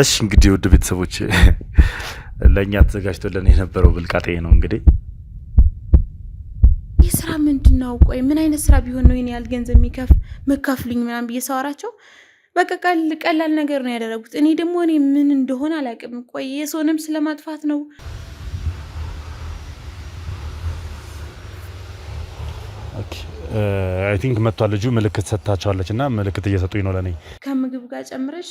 እሺ እንግዲህ ውድ ቤተሰቦች ለእኛ ተዘጋጅቶልን የነበረው ብልቃጤ ነው። እንግዲህ ይህ ስራ ምንድን ነው? ቆይ ምን አይነት ስራ ቢሆን ነው ይህን ያህል ገንዘብ የሚከፍ መካፍሉኝ ምናም ብዬ ሳወራቸው በቃ ቀላል ነገር ነው ያደረጉት። እኔ ደግሞ እኔ ምን እንደሆነ አላውቅም። ቆይ የሰውንም ስለማጥፋት ነው አይ ቲንክ መጥቷል። ልጁ ምልክት ሰጥታቸዋለች እና ምልክት እየሰጡኝ ነው ለእኔ ከምግብ ጋር ጨምረሽ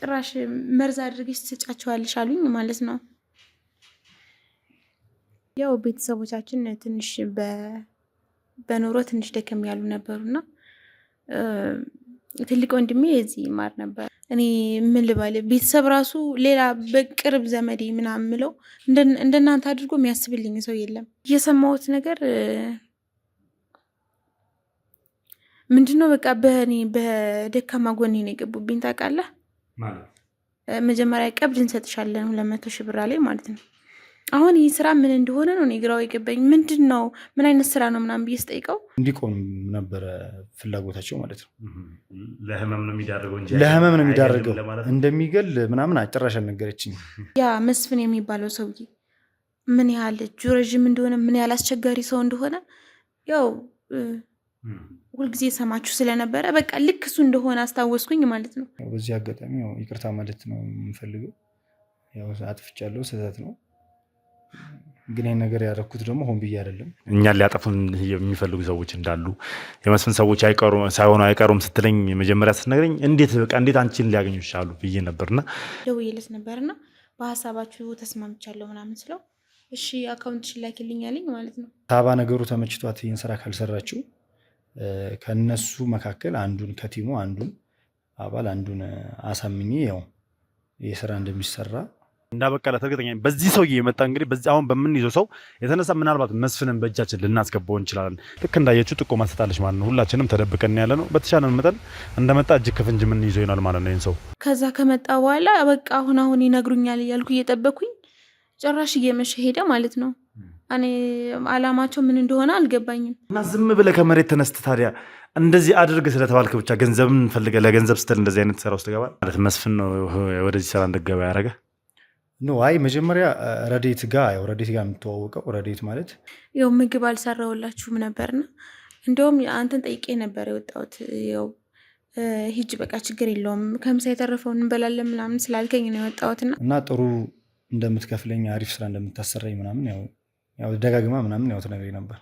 ጭራሽ መርዝ አድርገሽ ትሰጫቸዋለሽ አሉኝ ማለት ነው። ያው ቤተሰቦቻችን ትንሽ በኑሮ ትንሽ ደከም ያሉ ነበሩና ትልቅ ወንድሜ እዚህ ይማር ነበር። እኔ ምን ልበል ቤተሰብ ራሱ ሌላ በቅርብ ዘመዴ ምናምን ምለው እንደናንተ አድርጎ የሚያስብልኝ ሰው የለም። የሰማሁት ነገር ምንድነው በቃ በእኔ በደካማ ጎኔ ነው የገቡብኝ ታውቃለህ። መጀመሪያ ቀብድ እንሰጥሻለን ሁለት መቶ ሺህ ብር ላይ ማለት ነው። አሁን ይህ ስራ ምን እንደሆነ ነው እኔ ግራው የገባኝ። ምንድን ነው ምን አይነት ስራ ነው ምናምን ብዬ ስጠይቀው እንዲቆም ነበረ ፍላጎታቸው ማለት ነው። ለህመም ነው የሚዳርገው እንጂ ለህመም ነው የሚዳርገው እንደሚገል ምናምን አጭራሽ አልነገረችኝ። ያ መስፍን የሚባለው ሰውዬ ምን ያህል እጁ ረዥም እንደሆነ ምን ያህል አስቸጋሪ ሰው እንደሆነ ያው ሁልጊዜ ሰማችሁ ስለነበረ በቃ ልክ እሱ እንደሆነ አስታወስኩኝ ማለት ነው። በዚህ አጋጣሚ ይቅርታ ማለት ነው የምፈልገው። አጥፍቻለሁ፣ ስህተት ነው። ግን ይህን ነገር ያደረኩት ደግሞ ሆን ብዬ አይደለም። እኛን ሊያጠፉን የሚፈልጉ ሰዎች እንዳሉ የመስፍን ሰዎች ሳይሆኑ አይቀሩም ስትለኝ መጀመሪያ ስትነግረኝ እንዴት በቃ እንዴት አንቺን ሊያገኙ ይችላሉ ብዬ ነበርና ደውዬለት ነበርና በሀሳባችሁ ተስማምቻለሁ ምናምን ስለው እሺ አካውንትሽን ላኪልኝ አለኝ ማለት ነው። ሳባ ነገሩ ተመችቷት ይህን ስራ ካልሰራችው ከነሱ መካከል አንዱን ከቲሙ አንዱን አባል አንዱን አሳምኜ ያው የስራ እንደሚሰራ እንዳበቃላት እርግጠኛ በዚህ ሰውዬ የመጣ እንግዲህ በዚህ አሁን በምንይዘው ሰው የተነሳ ምናልባት መስፍንን በእጃችን ልናስገባው እንችላለን። ልክ እንዳየችው ጥቆ ትሰጣለች ማለት ነው። ሁላችንም ተደብቀን ያለ ነው። በተሻለ መጠን እንደመጣ እጅ ከፍንጅ የምንይዘው ይሆናል ማለት ነው። ይህን ሰው ከዛ ከመጣ በኋላ በቃ አሁን አሁን ይነግሩኛል እያልኩ እየጠበኩኝ ጭራሽ እየመሸ ሄደ ማለት ነው። እኔ አላማቸው ምን እንደሆነ አልገባኝም። እና ዝም ብለህ ከመሬት ተነስተ ታዲያ እንደዚህ አድርግ ስለተባልክ ብቻ ገንዘብን ፈልገህ ለገንዘብ ስትል እንደዚህ አይነት ስራ ውስጥ ገባል ማለት መስፍን ነው ወደዚህ ስራ እንድገባ ያደረገ ኖ አይ መጀመሪያ ረዴት ጋ ያው ረዴት ጋ የምትዋወቀው ረዴት ማለት ያው ምግብ አልሰራውላችሁም ነበርና እንደውም አንተን ጠይቄ ነበር የወጣሁት ያው ሂጅ በቃ ችግር የለውም ከምሳ የተረፈውን እንበላለን ምናምን ስላልከኝ ነው የወጣሁትና እና ጥሩ እንደምትከፍለኝ አሪፍ ስራ እንደምታሰራኝ ምናምን ያው ያው ደጋግማ ምናምን ያው ትነግረኝ ነበር።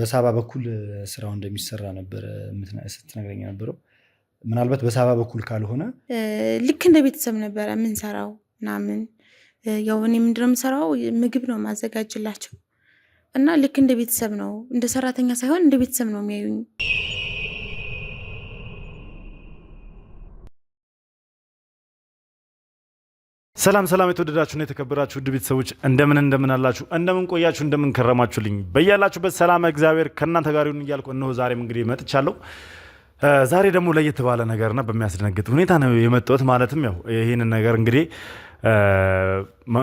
በሳባ በኩል ስራው እንደሚሰራ ነበር ስትነግረኝ ነበረው። ምናልባት በሳባ በኩል ካልሆነ ልክ እንደ ቤተሰብ ነበረ የምንሰራው ምናምን። ያው እኔ ምንድነው የምሰራው ምግብ ነው ማዘጋጅላቸው እና ልክ እንደ ቤተሰብ ነው እንደ ሰራተኛ ሳይሆን እንደ ቤተሰብ ነው የሚያዩኝ። ሰላም ሰላም የተወደዳችሁና የተከበራችሁ ውድ ቤተሰቦች እንደምን እንደምን አላችሁ? እንደምን ቆያችሁ? እንደምን ከረማችሁልኝ? በያላችሁበት ሰላም እግዚአብሔር ከእናንተ ጋር ይሁን እያልኩ እነሆ ዛሬም እንግዲህ መጥቻለሁ። ዛሬ ደግሞ ለየት ባለ ነገርና በሚያስደነግጥ ሁኔታ ነው የመጣሁት። ማለትም ያው ይህንን ነገር እንግዲህ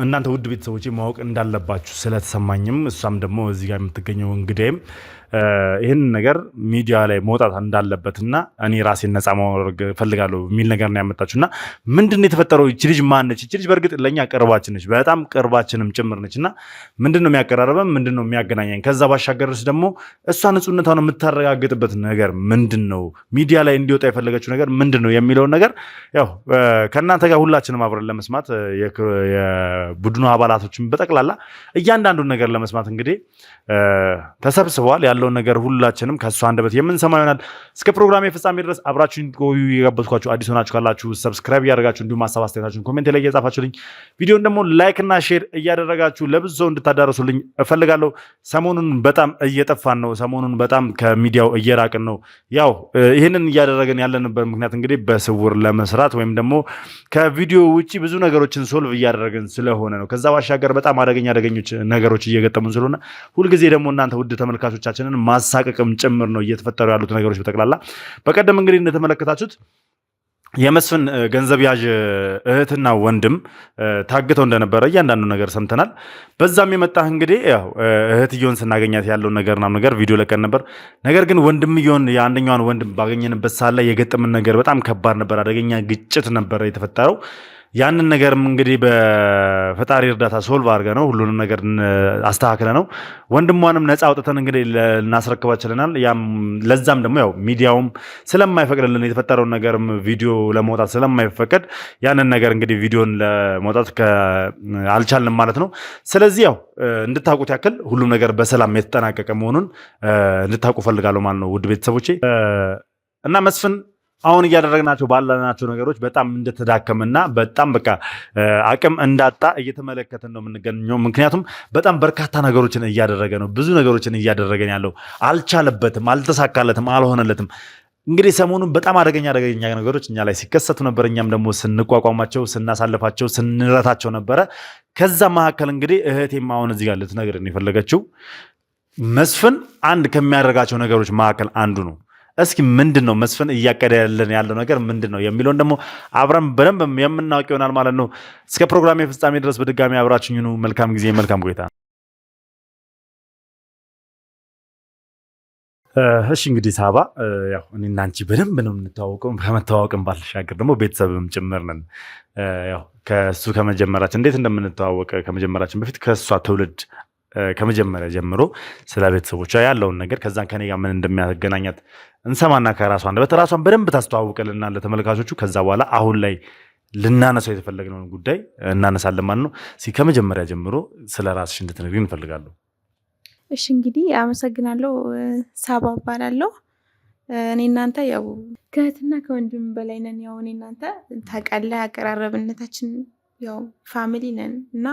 እናንተ ውድ ቤተሰቦች ማወቅ እንዳለባችሁ ስለተሰማኝም እሷም ደግሞ እዚህ ጋር የምትገኘው እንግዲህም ይህን ነገር ሚዲያ ላይ መውጣት እንዳለበትና እኔ ራሴን ነፃ ማድረግ ፈልጋለሁ የሚል ነገር ነው ያመጣችሁ። እና ምንድን ነው የተፈጠረው? ይች ልጅ ማነች? ይቺ ልጅ በእርግጥ ለእኛ ቅርባችን ነች፣ በጣም ቅርባችንም ጭምር ነች። እና ምንድን ነው የሚያቀራረበን? ምንድን ነው የሚያገናኘን? ከዛ ባሻገርስ ደግሞ እሷ ንጹሕነቷን የምታረጋግጥበት ነገር ምንድን ነው? ሚዲያ ላይ እንዲወጣ የፈለገችው ነገር ምንድን ነው የሚለውን ነገር ያው ከእናንተ ጋር ሁላችንም አብረን ለመስማት የቡድኑ አባላቶችን በጠቅላላ እያንዳንዱን ነገር ለመስማት እንግዲህ ተሰብስበዋል። ያለውን ነገር ሁላችንም ከእሱ አንደበት የምንሰማ ይሆናል። እስከ ፕሮግራም የፍጻሜ ድረስ አብራችሁ ቆዩ። የጋበዝኳችሁ አዲስ ሆናችሁ ካላችሁ ሰብስክራይብ እያደረጋችሁ እንዲሁም ሀሳብ አስተያየታችሁን ኮሜንት ላይ እየጻፋችሁልኝ ቪዲዮን ደግሞ ላይክ እና ሼር እያደረጋችሁ ለብዙ ሰው እንድታዳረሱልኝ እፈልጋለሁ። ሰሞኑን በጣም እየጠፋን ነው። ሰሞኑን በጣም ከሚዲያው እየራቅን ነው። ያው ይህንን እያደረገን ያለንበት ምክንያት እንግዲህ በስውር ለመስራት ወይም ደግሞ ከቪዲዮ ውጭ ብዙ ነገሮችን ሶልቭ እያደረግን ስለሆነ ነው። ከዛ ባሻገር በጣም አደገኛ አደገኞች ነገሮች እየገጠሙን ስለሆነ ሁልጊዜ ደግሞ እናንተ ውድ ተመልካቾቻችን ራሳችንን ማሳቀቅም ጭምር ነው እየተፈጠሩ ያሉት ነገሮች በጠቅላላ። በቀደም እንግዲህ እንደተመለከታችሁት የመስፍን ገንዘብ ያዥ እህትና ወንድም ታግተው እንደነበረ እያንዳንዱ ነገር ሰምተናል። በዛም የመጣህ እንግዲህ ያው እህትየውን ስናገኛት ያለውን ነገርና ነገር ቪዲዮ ለቀን ነበር። ነገር ግን ወንድምየውን የአንደኛዋን ወንድም ባገኘንበት ሳለ የገጠምን ነገር በጣም ከባድ ነበር። አደገኛ ግጭት ነበረ የተፈጠረው። ያንን ነገርም እንግዲህ በፈጣሪ እርዳታ ሶልቭ አድርገ ነው ሁሉንም ነገር አስተካክለ ነው ወንድሟንም ነፃ አውጥተን እንግዲህ ልናስረክባ ችለናል። ለዛም ደግሞ ያው ሚዲያውም ስለማይፈቅድልን የተፈጠረውን ነገርም ቪዲዮ ለመውጣት ስለማይፈቀድ ያንን ነገር እንግዲህ ቪዲዮን ለመውጣት አልቻልንም ማለት ነው። ስለዚህ ያው እንድታውቁት ያክል ሁሉም ነገር በሰላም የተጠናቀቀ መሆኑን እንድታውቁ ፈልጋለሁ ማለት ነው ውድ ቤተሰቦቼ እና መስፍን አሁን እያደረግናቸው ባለናቸው ነገሮች በጣም እንደተዳከምና በጣም በቃ አቅም እንዳጣ እየተመለከትን ነው የምንገኘው። ምክንያቱም በጣም በርካታ ነገሮችን እያደረገ ነው፣ ብዙ ነገሮችን እያደረገን ያለው አልቻለበትም፣ አልተሳካለትም፣ አልሆነለትም። እንግዲህ ሰሞኑን በጣም አደገኛ አደገኛ ነገሮች እኛ ላይ ሲከሰቱ ነበር። እኛም ደግሞ ስንቋቋማቸው፣ ስናሳልፋቸው፣ ስንረታቸው ነበረ። ከዛ መካከል እንግዲህ እህቴም አሁን እዚህ ጋር ልትነግረን የፈለገችው መስፍን አንድ ከሚያደርጋቸው ነገሮች መካከል አንዱ ነው። እስኪ ምንድን ነው መስፍን እያቀደ ያለን ያለው ነገር ምንድን ነው የሚለውን ደግሞ አብረን በደንብ የምናውቅ ይሆናል ማለት ነው። እስከ ፕሮግራም የፍጻሜ ድረስ በድጋሚ አብራችን ኑ። መልካም ጊዜ፣ መልካም ቆይታ። እሺ እንግዲህ ሳባ ያው አንቺ በደንብ ነው የምንተዋወቀው። ከመተዋወቅም ባልሻገር ደግሞ ቤተሰብም ጭምር ነን። ያው ከእሱ ከመጀመራችን እንዴት እንደምንተዋወቅ ከመጀመራችን በፊት ከእሷ ትውልድ ከመጀመሪያ ጀምሮ ስለ ቤተሰቦቿ ያለውን ነገር ከዛን ከኔ ጋር ምን እንደሚያገናኛት እንሰማና ከራሷ አንደበት ራሷን በደንብ ታስተዋውቅልና ለተመልካቾቹ ከዛ በኋላ አሁን ላይ ልናነሳው የተፈለግነውን ጉዳይ እናነሳለን ማለት ነው። እስኪ ከመጀመሪያ ጀምሮ ስለ ራስሽ እንድትነግሪ እንፈልጋለሁ። እሺ እንግዲህ አመሰግናለሁ። ሳባ እባላለሁ። እኔ እናንተ ያው ከእህትና ከወንድም በላይ ነን። ያው እኔ እናንተ ታውቃለህ አቀራረብነታችን ያው ፋሚሊ ነን እና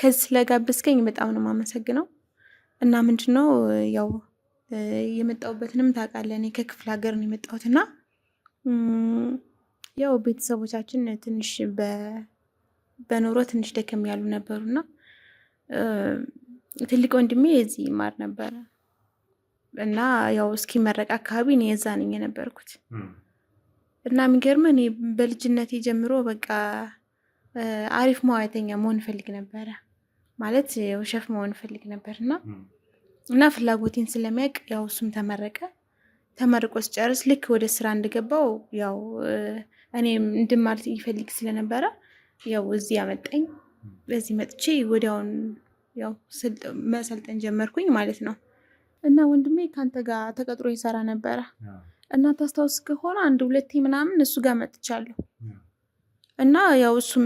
ከዚህ ስለጋበዝከኝ በጣም ነው የማመሰግነው። እና ምንድን ነው ያው የመጣሁበትንም ታውቃለህ፣ እኔ ከክፍለ ሀገር ነው የመጣሁት እና ያው ቤተሰቦቻችን ትንሽ በኑሮ ትንሽ ደከም ያሉ እና ትልቅ ወንድሜ የዚህ ይማር ነበረ እና ያው እስኪመረቅ አካባቢ እኔ የዛ ነኝ የነበርኩት እና የሚገርመ እኔ በልጅነቴ ጀምሮ በቃ አሪፍ መዋዕተኛ መሆን ፈልግ ነበረ ማለት ሸፍ መሆን ፈልግ ነበር እና እና ፍላጎቴን ስለሚያውቅ ያው እሱም ተመረቀ። ተመርቆ ስጨርስ ልክ ወደ ስራ እንደገባው ያው እኔ እንድማር ይፈልግ ስለነበረ ያው እዚህ ያመጣኝ በዚህ መጥቼ ወዲያውን ያው መሰልጠን ጀመርኩኝ ማለት ነው። እና ወንድሜ ከአንተ ጋር ተቀጥሮ ይሰራ ነበረ እና ታስታውስ ከሆነ አንድ ሁለቴ ምናምን እሱ ጋር መጥቻለሁ። እና ያው እሱም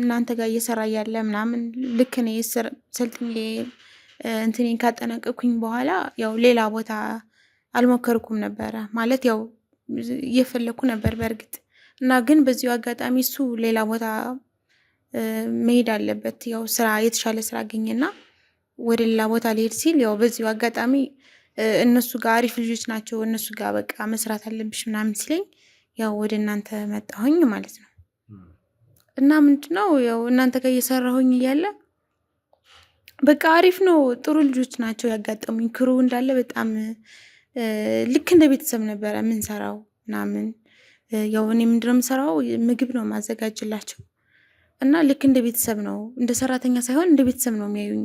እናንተ ጋር እየሰራ ያለ ምናምን ልክ እኔ ሰልጥኜ እንትኔን ካጠናቀኩኝ በኋላ ያው ሌላ ቦታ አልሞከርኩም ነበረ ማለት ያው እየፈለግኩ ነበር በእርግጥ እና ግን በዚሁ አጋጣሚ እሱ ሌላ ቦታ መሄድ አለበት ያው ስራ የተሻለ ስራ አገኘና ወደ ሌላ ቦታ ሊሄድ ሲል ያው በዚሁ አጋጣሚ እነሱ ጋር አሪፍ ልጆች ናቸው፣ እነሱ ጋር በቃ መስራት አለብሽ ምናምን ሲለኝ ያው ወደ እናንተ መጣሁኝ ማለት ነው። እና ምንድነው ያው እናንተ ጋር እየሰራሁኝ እያለ በቃ አሪፍ ነው። ጥሩ ልጆች ናቸው ያጋጠሙኝ። ክሩ እንዳለ በጣም ልክ እንደ ቤተሰብ ነበረ የምንሰራው ምናምን። ያው እኔ ምንድነው የምሰራው ምግብ ነው ማዘጋጅላቸው እና ልክ እንደ ቤተሰብ ነው፣ እንደ ሰራተኛ ሳይሆን እንደ ቤተሰብ ነው የሚያዩኝ።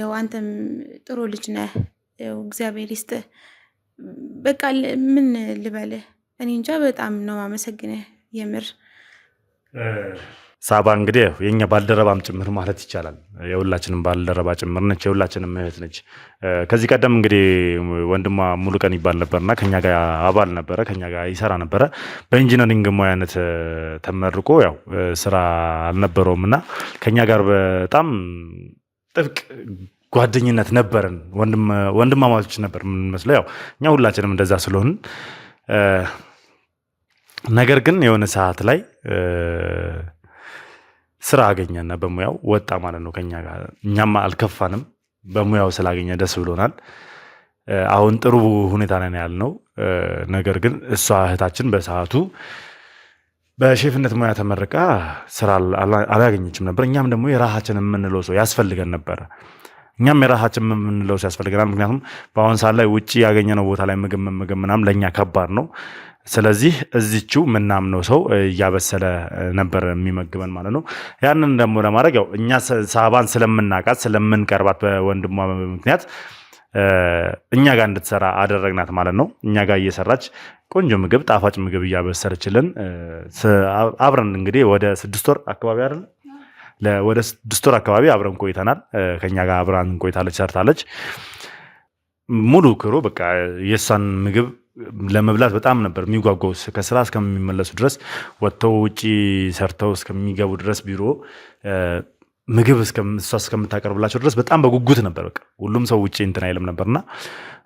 ያው አንተም ጥሩ ልጅ ነህ፣ ያው እግዚአብሔር ይስጥህ። በቃ ምን ልበልህ እኔ እንጃ። በጣም ነው ማመሰግንህ የምር ሳባ እንግዲህ የኛ ባልደረባም ጭምር ማለት ይቻላል። የሁላችንም ባልደረባ ጭምር ነች፣ የሁላችንም እህት ነች። ከዚህ ቀደም እንግዲህ ወንድሟ ሙሉቀን ይባል ነበርና ከኛ ጋር አባል ነበረ፣ ከኛ ጋር ይሰራ ነበረ። በኢንጂነሪንግ ሙያነት ተመርቆ ያው ስራ አልነበረውም እና ከኛ ጋር በጣም ጥብቅ ጓደኝነት ነበረን። ወንድማማቾች ነበር የምንመስለው። ያው እኛ ሁላችንም እንደዛ ስለሆን ነገር ግን የሆነ ሰዓት ላይ ስራ አገኘና በሙያው ወጣ ማለት ነው ከኛ ጋር። እኛም አልከፋንም፣ በሙያው ስላገኘ ደስ ብሎናል። አሁን ጥሩ ሁኔታ ነን ነው ነገር ግን እሷ እህታችን በሰዓቱ በሼፍነት ሙያ ተመርቃ ስራ አላገኘችም ነበር። እኛም ደግሞ የራሃችን የምንለው ሰው ያስፈልገን ነበረ። እኛም የራሃችን የምንለው ሰው ያስፈልገናል። ምክንያቱም በአሁን ሰዓት ላይ ውጭ ያገኘነው ቦታ ላይ ምግብ መመገብ ምናም ለእኛ ከባድ ነው። ስለዚህ እዚችው የምናምነው ሰው እያበሰለ ነበር የሚመግበን ማለት ነው። ያንን ደግሞ ለማድረግ ያው እኛ ሳባን ስለምናውቃት ስለምንቀርባት በወንድሟ ምክንያት እኛ ጋር እንድትሰራ አደረግናት ማለት ነው። እኛ ጋር እየሰራች ቆንጆ ምግብ፣ ጣፋጭ ምግብ እያበሰረችልን አብረን እንግዲህ ወደ ስድስት ወር አካባቢ አይደል ወደ ስድስት ወር አካባቢ አብረን ቆይተናል። ከኛ ጋር አብረን ቆይታለች፣ ሰርታለች። ሙሉ ክሩ በቃ የእሷን ምግብ ለመብላት በጣም ነበር የሚጓጓው። ከስራ እስከሚመለሱ ድረስ ወጥተው ውጭ ሰርተው እስከሚገቡ ድረስ ቢሮ ምግብ እሷ እስከምታቀርብላቸው ድረስ በጣም በጉጉት ነበር። በቃ ሁሉም ሰው ውጭ እንትን አይልም ነበርና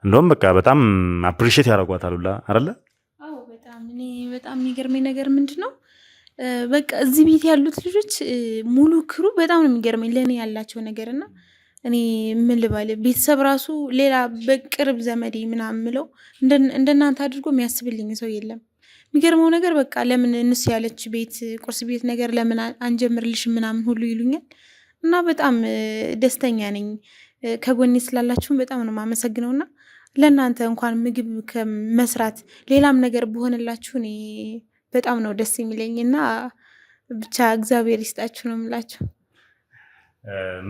እንደውም በቃ በጣም አፕሪሼት ያደርጓታል ሁላ አለ። እኔ በጣም የሚገርመኝ ነገር ምንድን ነው በቃ እዚህ ቤት ያሉት ልጆች ሙሉ ክሩ በጣም ነው የሚገርመኝ ለእኔ ያላቸው ነገርና እኔ ምን ልበል ቤተሰብ ራሱ ሌላ በቅርብ ዘመዴ ምናምን ምለው እንደናንተ አድርጎ የሚያስብልኝ ሰው የለም። የሚገርመው ነገር በቃ ለምን እንስ ያለች ቤት ቁርስ ቤት ነገር ለምን አንጀምርልሽ ምናምን ሁሉ ይሉኛል እና በጣም ደስተኛ ነኝ። ከጎኔ ስላላችሁም በጣም ነው የማመሰግነው እና ለእናንተ እንኳን ምግብ ከመስራት ሌላም ነገር በሆነላችሁ እኔ በጣም ነው ደስ የሚለኝ እና ብቻ እግዚአብሔር ይስጣችሁ ነው የምላችሁ።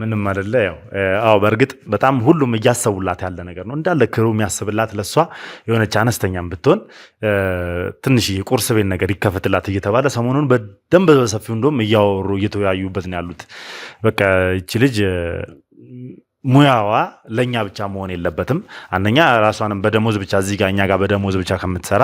ምንም አይደለ። ያው አዎ፣ በእርግጥ በጣም ሁሉም እያሰቡላት ያለ ነገር ነው እንዳለ ክሩ የሚያስብላት ለእሷ የሆነች አነስተኛም ብትሆን ትንሽ ቁርስ ቤት ነገር ይከፈትላት እየተባለ ሰሞኑን በደንብ በሰፊው እንደውም እያወሩ እየተወያዩበት ነው ያሉት። በቃ ይቺ ልጅ ሙያዋ ለእኛ ብቻ መሆን የለበትም። አንደኛ ራሷንም በደሞዝ ብቻ እዚህ ጋር እኛ ጋር በደሞዝ ብቻ ከምትሰራ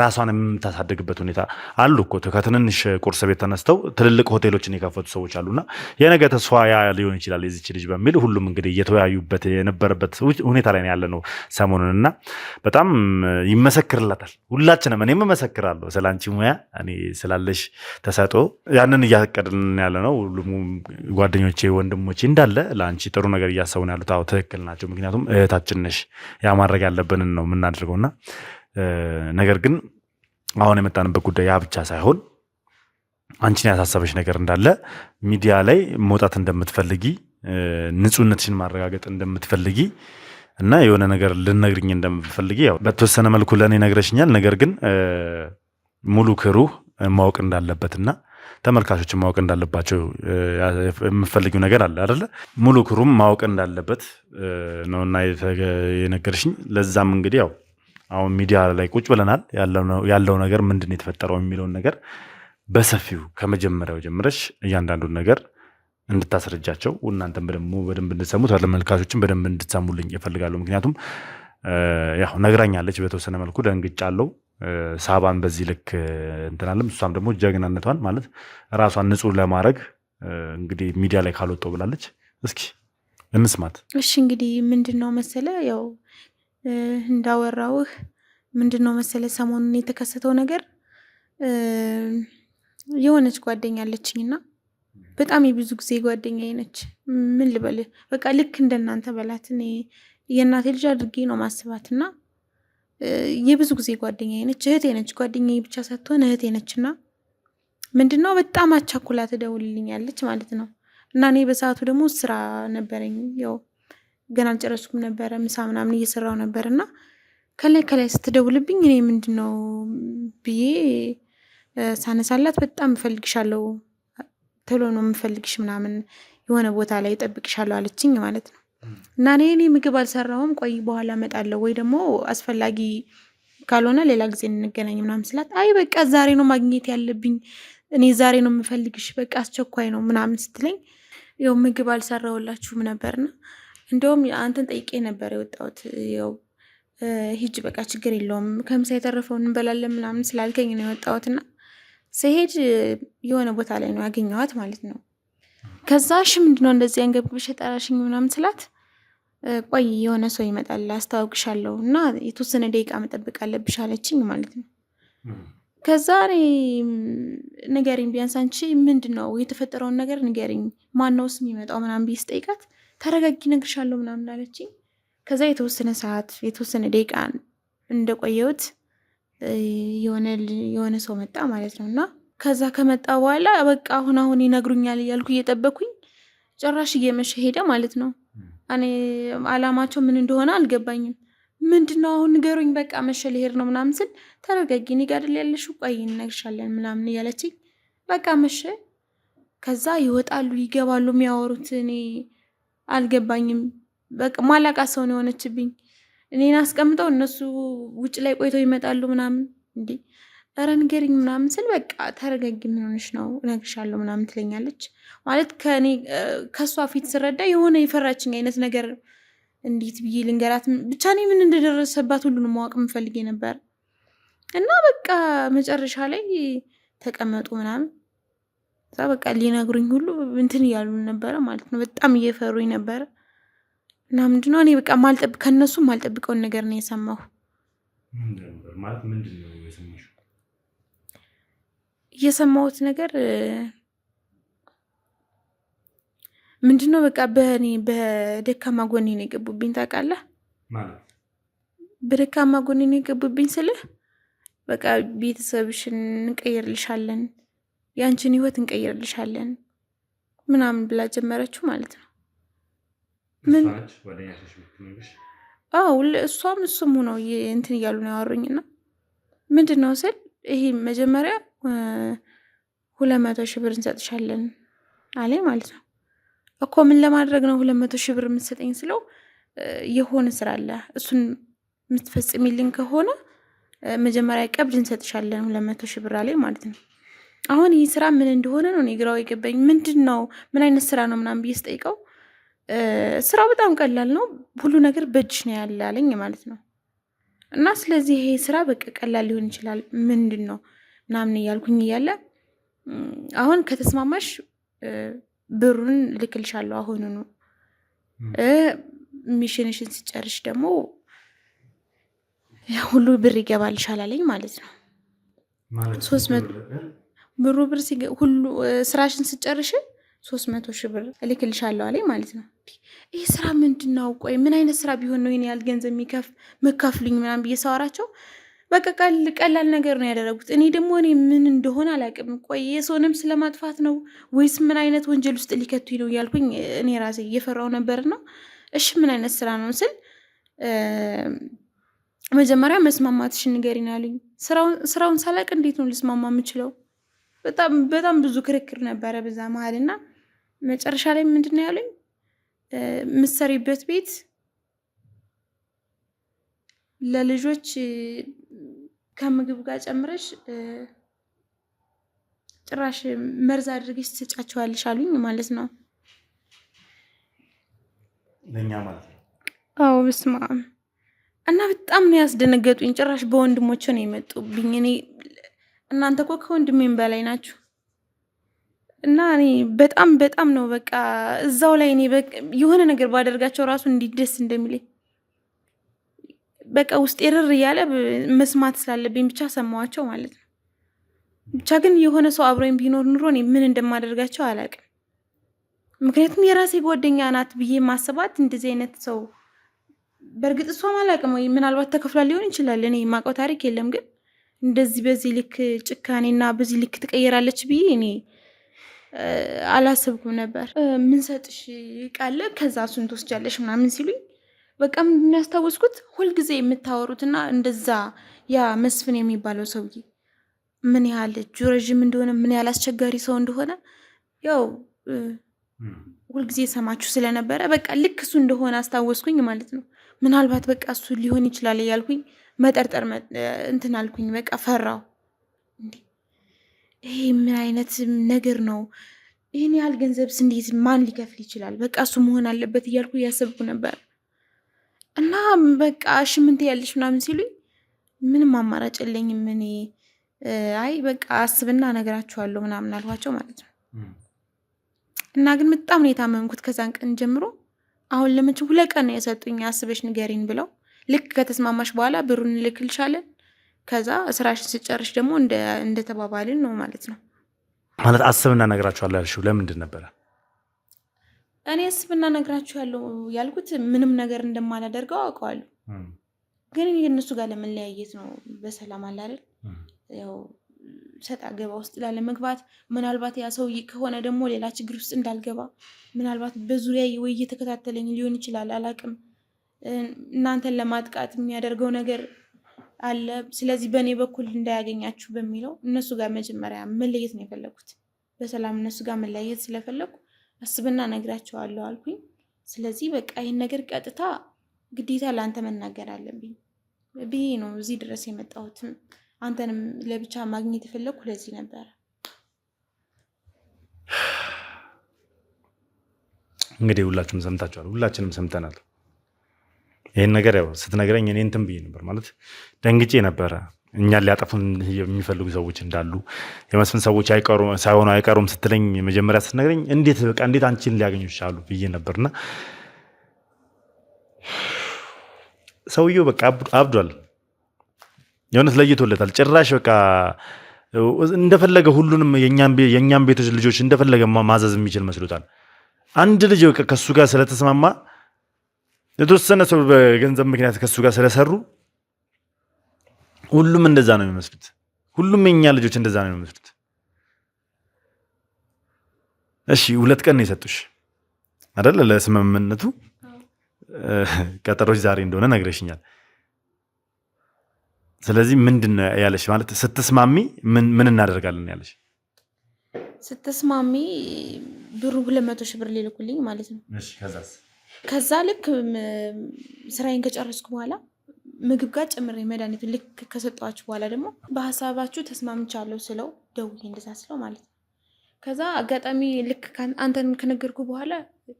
ራሷን የምታሳድግበት ሁኔታ አሉ እኮ ከትንንሽ ቁርስ ቤት ተነስተው ትልልቅ ሆቴሎችን የከፈቱ ሰዎች አሉና የነገ ተስፋ ያ ሊሆን ይችላል የዚች ልጅ በሚል ሁሉም እንግዲህ እየተወያዩበት የነበረበት ሁኔታ ላይ ያለ ነው ሰሞኑን እና በጣም ይመሰክርላታል። ሁላችንም እኔም እመሰክራለሁ ስለ አንቺ ሙያ እኔ ስላለሽ ተሰጦ ያንን እያቀድልን ያለ ነው። ሁሉም ጓደኞቼ፣ ወንድሞቼ እንዳለ ለአንቺ ጥሩ ነገር እያ እያሰቡን ያሉት። አዎ ትክክል ናቸው። ምክንያቱም እህታችን ነሽ፣ ያ ማድረግ ያለብንን ነው የምናደርገው እና ነገር ግን አሁን የመጣንበት ጉዳይ ያ ብቻ ሳይሆን አንቺን ያሳሰበች ነገር እንዳለ ሚዲያ ላይ መውጣት እንደምትፈልጊ ንጹህነትሽን ማረጋገጥ እንደምትፈልጊ እና የሆነ ነገር ልነግርኝ እንደምትፈልጊ ያው በተወሰነ መልኩ ለእኔ ነግረሽኛል። ነገር ግን ሙሉ ክሩ ማወቅ እንዳለበትና ተመልካቾችን ማወቅ እንዳለባቸው የምፈልጊው ነገር አለ አደለ? ሙሉ ክሩም ማወቅ እንዳለበት ነውና የነገርሽኝ። ለዛም እንግዲህ ያው አሁን ሚዲያ ላይ ቁጭ ብለናል። ያለው ነገር ምንድን የተፈጠረው የሚለውን ነገር በሰፊው ከመጀመሪያው ጀምረሽ እያንዳንዱን ነገር እንድታስረጃቸው እናንተም ደግሞ በደንብ እንድትሰሙት ተመልካቾችን በደንብ እንድትሰሙልኝ ይፈልጋሉ። ምክንያቱም ያው ነግራኛለች፣ በተወሰነ መልኩ አለው። ሳባን በዚህ ልክ እንትናለም እሷም ደግሞ ጀግናነቷን ማለት ራሷን ንጹህ ለማድረግ እንግዲህ ሚዲያ ላይ ካልወጣው ብላለች። እስኪ እንስማት። እሺ እንግዲህ ምንድን ነው መሰለ ያው እንዳወራውህ ምንድን ነው መሰለ ሰሞኑን የተከሰተው ነገር የሆነች ጓደኛ አለችኝና በጣም የብዙ ጊዜ ጓደኛ ነች። ምን ልበል በቃ ልክ እንደናንተ በላት። እኔ የእናቴ ልጅ አድርጌ ነው ማስባት እና የብዙ ጊዜ ጓደኛ ነች፣ እህቴ ነች። ጓደኛ ብቻ ሳትሆን እህቴ ነች እና ምንድን ነው በጣም አቻኩላ ትደውልልኛለች ማለት ነው። እና እኔ በሰዓቱ ደግሞ ስራ ነበረኝ፣ ያው ገና አልጨረስኩም ነበረ፣ ምሳ ምናምን እየሰራው ነበር እና ከላይ ከላይ ስትደውልብኝ እኔ ምንድን ነው ብዬ ሳነሳላት በጣም እፈልግሻለሁ፣ ቶሎ ነው የምፈልግሽ ምናምን የሆነ ቦታ ላይ እጠብቅሻለሁ አለችኝ ማለት ነው። እና እኔ እኔ ምግብ አልሰራውም ቆይ በኋላ እመጣለሁ ወይ ደግሞ አስፈላጊ ካልሆነ ሌላ ጊዜ እንገናኝ ምናምን ስላት፣ አይ በቃ ዛሬ ነው ማግኘት ያለብኝ እኔ ዛሬ ነው የምፈልግሽ፣ በቃ አስቸኳይ ነው ምናምን ስትለኝ፣ ያው ምግብ አልሰራውላችሁም ነበርና እንደውም አንተን ጠይቄ ነበር የወጣሁት ያው ሂጅ በቃ ችግር የለውም ከምሳ የተረፈውን እንበላለን ምናምን ስላልከኝ ነው የወጣሁትና ስሄድ የሆነ ቦታ ላይ ነው ያገኘኋት ማለት ነው። ከዛ እሺ ምንድነው እንደዚህ አንገብግብሽ የጠራሽኝ ምናምን ስላት ቆይ የሆነ ሰው ይመጣል አስታውቅሻለሁ እና የተወሰነ ደቂቃ መጠበቅ አለብሽ አለችኝ ማለት ነው። ከዛ እኔ ንገሪኝ፣ ቢያንስ አንቺ ምንድን ነው የተፈጠረውን ነገር ንገሪኝ፣ ማነው ስም የሚመጣው ምናምን ብዬ ስጠይቃት ተረጋጊ፣ እነግርሻለሁ ምናምን አለችኝ። ከዛ የተወሰነ ሰዓት የተወሰነ ደቂቃ እንደቆየሁት የሆነ ሰው መጣ ማለት ነው እና ከዛ ከመጣ በኋላ በቃ አሁን አሁን ይነግሩኛል እያልኩ እየጠበኩኝ ጭራሽ እየመሸ ሄደ ማለት ነው። እኔ አላማቸው ምን እንደሆነ አልገባኝም። ምንድን ነው አሁን ንገሩኝ፣ በቃ መሸ ልሄድ ነው ምናምን ስል ተረጋጊ፣ እኔ ጋር አይደል ያለሽው፣ ቆይ እንነግርሻለን ምናምን እያለችኝ በቃ መሸ። ከዛ ይወጣሉ ይገባሉ፣ የሚያወሩት እኔ አልገባኝም። በቃ ማላቃ ሰውን የሆነችብኝ። እኔን አስቀምጠው እነሱ ውጭ ላይ ቆይተው ይመጣሉ ምናምን እንዴ ኧረ ንገሪኝ ምናምን ስል በቃ ተረጋጊ፣ ምን ሆነሽ ነው እነግርሻለሁ ምናምን ትለኛለች። ማለት ከኔ ከእሷ ፊት ስረዳ የሆነ የፈራችኝ አይነት ነገር እንዴት ብዬ ልንገራት፣ ብቻ እኔ ምን እንደደረሰባት ሁሉንም ማወቅ የምፈልግ ነበር። እና በቃ መጨረሻ ላይ ተቀመጡ ምናምን እዛ በቃ ሊነግሩኝ ሁሉ እንትን እያሉ ነበረ ማለት ነው። በጣም እየፈሩኝ ነበረ እና ምንድነው እኔ በቃ ማልጠብ ከእነሱ ማልጠብቀውን ነገር ነው የሰማሁ ማለት ምንድን ነው የሰማሽው? የሰማሁት ነገር ምንድን ነው? በቃ በእኔ በደካማ ጎኔ ነው የገቡብኝ። ታውቃለህ፣ በደካማ ጎኔ ነው የገቡብኝ ስልህ በቃ ቤተሰብሽን እንቀይርልሻለን፣ የአንችን ህይወት እንቀይርልሻለን ምናምን ብላ ጀመረችው ማለት ነው። ምን እሷም እሱም ሆነው እንትን እያሉ ነው ያወሩኝና ምንድን ነው ስል ይሄ መጀመሪያ ሁለት መቶ ሺህ ብር እንሰጥሻለን አለ ማለት ነው እኮ። ምን ለማድረግ ነው ሁለት መቶ ሺህ ብር የምትሰጠኝ ስለው የሆነ ስራ አለ፣ እሱን የምትፈጽሚልኝ ከሆነ መጀመሪያ ቀብድ እንሰጥሻለን ሁለት መቶ ሺህ ብር አለ ማለት ነው። አሁን ይህ ስራ ምን እንደሆነ ነው እኔ ግራው የገባኝ። ምንድን ነው ምን አይነት ስራ ነው ምናምን ብዬ ስጠይቀው ስራው በጣም ቀላል ነው፣ ሁሉ ነገር በእጅሽ ነው ያለ አለኝ ማለት ነው። እና ስለዚህ ይሄ ስራ በቃ ቀላል ሊሆን ይችላል ምንድን ነው ምናምን እያልኩኝ እያለ አሁን ከተስማማሽ ብሩን ልክልሻለሁ አሁኑኑ ሚሽንሽን ስጨርሽ ደግሞ ሁሉ ብር ይገባልሻል አለኝ ማለት ነው። ብሩ ብር ሁሉ ስራሽን ስጨርሽን ሶስት መቶ ሺህ ብር እልክልሻለሁ አለኝ ማለት ነው። ይህ ስራ ምንድን ነው? ቆይ ምን አይነት ስራ ቢሆን ነው ይሄን ያህል ገንዘብ መካፍሉኝ ምናምን ብዬ ሳወራቸው በቃ ቀላል ነገር ነው ያደረጉት። እኔ ደግሞ እኔ ምን እንደሆነ አላውቅም። ቆይ የሰውንም ስለማጥፋት ነው ወይስ ምን አይነት ወንጀል ውስጥ ሊከቱኝ ነው እያልኩኝ እኔ ራሴ እየፈራው ነበር ነው። እሺ ምን አይነት ስራ ነው ስል መጀመሪያ መስማማትሽን ንገሪኝ አሉኝ። ስራውን ሳላቅ እንዴት ነው ልስማማ የምችለው? በጣም በጣም ብዙ ክርክር ነበረ በዛ መሀል እና መጨረሻ ላይ ምንድን ነው ያሉኝ? ምሰሪበት ቤት ለልጆች ከምግብ ጋር ጨምረሽ ጭራሽ መርዝ አድርገሽ ትሰጫቸዋለሽ አሉኝ ማለት ነው። ለእኛ ማለት ነው። አዎ በስመ አብ እና በጣም ነው ያስደነገጡኝ። ጭራሽ በወንድሞቼ ነው የመጡብኝ። እኔ እናንተ እኮ ከወንድሜም በላይ ናችሁ እና እኔ በጣም በጣም ነው በቃ እዛው ላይ እኔ የሆነ ነገር ባደርጋቸው ራሱ እንዲደስ ደስ እንደሚለኝ በቃ ውስጥ የርር እያለ መስማት ስላለብኝ ብቻ ሰማዋቸው ማለት ነው። ብቻ ግን የሆነ ሰው አብሮኝ ቢኖር ኑሮ እኔ ምን እንደማደርጋቸው አላውቅም። ምክንያቱም የራሴ ጓደኛ ናት ብዬ ማሰባት እንደዚህ አይነት ሰው በእርግጥ እሷም አላውቅም ወይ ምናልባት ተከፍላ ሊሆን ይችላል። እኔ የማውቀው ታሪክ የለም። ግን እንደዚህ በዚህ ልክ ጭካኔና በዚህ ልክ ትቀይራለች ብዬ እኔ አላሰብኩም ነበር። ምን ሰጥሽ ቃለ ከዛ እሱን ትወስጃለሽ ምናምን ሲሉኝ በቃ የሚያስታወስኩት ሁልጊዜ የምታወሩትና እንደዛ ያ መስፍን የሚባለው ሰውዬ ምን ያህል እጁ ረዥም እንደሆነ ምን ያህል አስቸጋሪ ሰው እንደሆነ ያው ሁልጊዜ ሰማችሁ ስለነበረ በቃ ልክ እሱ እንደሆነ አስታወስኩኝ ማለት ነው። ምናልባት በቃ እሱ ሊሆን ይችላል እያልኩኝ መጠርጠር እንትን አልኩኝ። በቃ ፈራው። ይሄ ምን አይነት ነገር ነው? ይህን ያህል ገንዘብስ እንዴት ማን ሊከፍል ይችላል? በቃ እሱ መሆን አለበት እያልኩ እያሰብኩ ነበር። እና በቃ እሺ ምን ትያለሽ ምናምን ሲሉኝ ምንም አማራጭ የለኝም እኔ አይ በቃ አስብና ነገራችኋለሁ ምናምን አልኋቸው ማለት ነው። እና ግን በጣም ነው የታመምኩት ከዛን ቀን ጀምሮ። አሁን ለመቼ ሁለት ቀን ነው የሰጡኝ አስበሽ ንገሪን ብለው ልክ ከተስማማሽ በኋላ ብሩን እንልክልሻለን ከዛ ስራሽን ስጨርሽ ደግሞ እንደተባባልን ነው ማለት ነው። ማለት አስብና እነግራችኋለሁ ያልሽው ለምንድን ነበረ? እኔ አስብና እነግራችሁ ያለው ያልኩት ምንም ነገር እንደማላደርገው አውቀዋለሁ፣ ግን እነሱ ጋር ለመለያየት ነው። በሰላም አለ አይደል ያው ሰጣ ገባ ውስጥ ላለመግባት ምናልባት ያ ሰውዬ ከሆነ ደግሞ ሌላ ችግር ውስጥ እንዳልገባ ምናልባት በዙሪያ ወይ እየተከታተለኝ ሊሆን ይችላል አላቅም። እናንተን ለማጥቃት የሚያደርገው ነገር አለ። ስለዚህ በእኔ በኩል እንዳያገኛችሁ በሚለው እነሱ ጋር መጀመሪያ መለየት ነው የፈለጉት በሰላም እነሱ ጋር መለያየት ስለፈለጉ አስብና ነግራቸዋለሁ አልኩኝ። ስለዚህ በቃ ይህን ነገር ቀጥታ ግዴታ ለአንተ መናገር አለብኝ ብዬ ነው እዚህ ድረስ የመጣሁትም። አንተንም ለብቻ ማግኘት የፈለግኩ ለዚህ ነበረ። እንግዲህ ሁላችሁም ሰምታችኋል፣ ሁላችንም ሰምተናል። ይህን ነገር ያው ስትነግረኝ እኔ እንትን ብዬ ነበር ማለት ደንግጬ ነበረ። እኛን ሊያጠፉን የሚፈልጉ ሰዎች እንዳሉ የመስፍን ሰዎች ሳይሆኑ አይቀሩም ስትለኝ መጀመሪያ ስትነግረኝ እንዴት በቃ እንዴት አንቺን ሊያገኙ ይችላሉ ብዬ ነበርና ሰውየው በቃ አብዷል። የእውነት ለይቶለታል። ጭራሽ በቃ እንደፈለገ ሁሉንም የእኛም ቤቶች ልጆች እንደፈለገ ማዘዝ የሚችል መስሎታል። አንድ ልጅ ከሱ ጋር ስለተስማማ የተወሰነ ሰው በገንዘብ ምክንያት ከሱ ጋር ስለሰሩ ሁሉም እንደዛ ነው የሚመስሉት። ሁሉም የኛ ልጆች እንደዛ ነው የሚመስሉት። እሺ ሁለት ቀን ነው የሰጡሽ አደለ? ለስምምነቱ ቀጠሮች ዛሬ እንደሆነ ነግረሽኛል። ስለዚህ ምንድን ነው ያለሽ? ማለት ስትስማሚ ምን እናደርጋለን ያለሽ? ስትስማሚ ብሩ ሁለት መቶ ሺህ ብር ሊልኩልኝ ማለት ነው። ከዛስ ከዛ ልክ ስራዬን ከጨረስኩ በኋላ ምግብ ጋር ጭምሬ መድኃኒቱን ልክ ከሰጠኋችሁ በኋላ ደግሞ በሀሳባችሁ ተስማምቻለሁ ስለው ደውዬ እንደዛ ስለው ማለት ነው። ከዛ አጋጣሚ ልክ አንተን ከነገርኩ በኋላ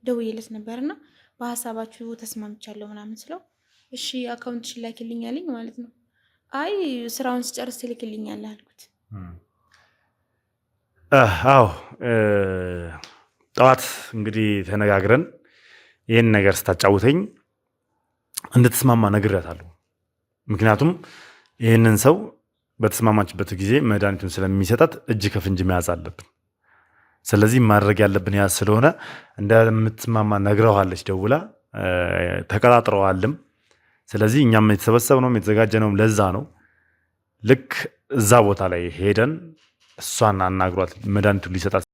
ደውዬለት ነበር እና በሀሳባችሁ ተስማምቻለሁ ምናምን ስለው እሺ አካውንት ላኪልኝ አለኝ ማለት ነው። አይ ስራውን ስጨርስ ትልክልኛለህ አልኩት። አዎ ጠዋት እንግዲህ ተነጋግረን ይህን ነገር ስታጫውተኝ እንድትስማማ ነግሬያታለሁ። ምክንያቱም ይህንን ሰው በተስማማችበት ጊዜ መድኃኒቱን ስለሚሰጣት እጅ ከፍንጅ መያዝ አለብን። ስለዚህ ማድረግ ያለብን ያ ስለሆነ እንደምትስማማ ነግረዋለች ደውላ፣ ተቀጣጥረዋልም። ስለዚህ እኛም የተሰበሰብነውም የተዘጋጀነውም ለዛ ነው። ልክ እዛ ቦታ ላይ ሄደን እሷን አናግሯት መድኃኒቱን ሊሰጣት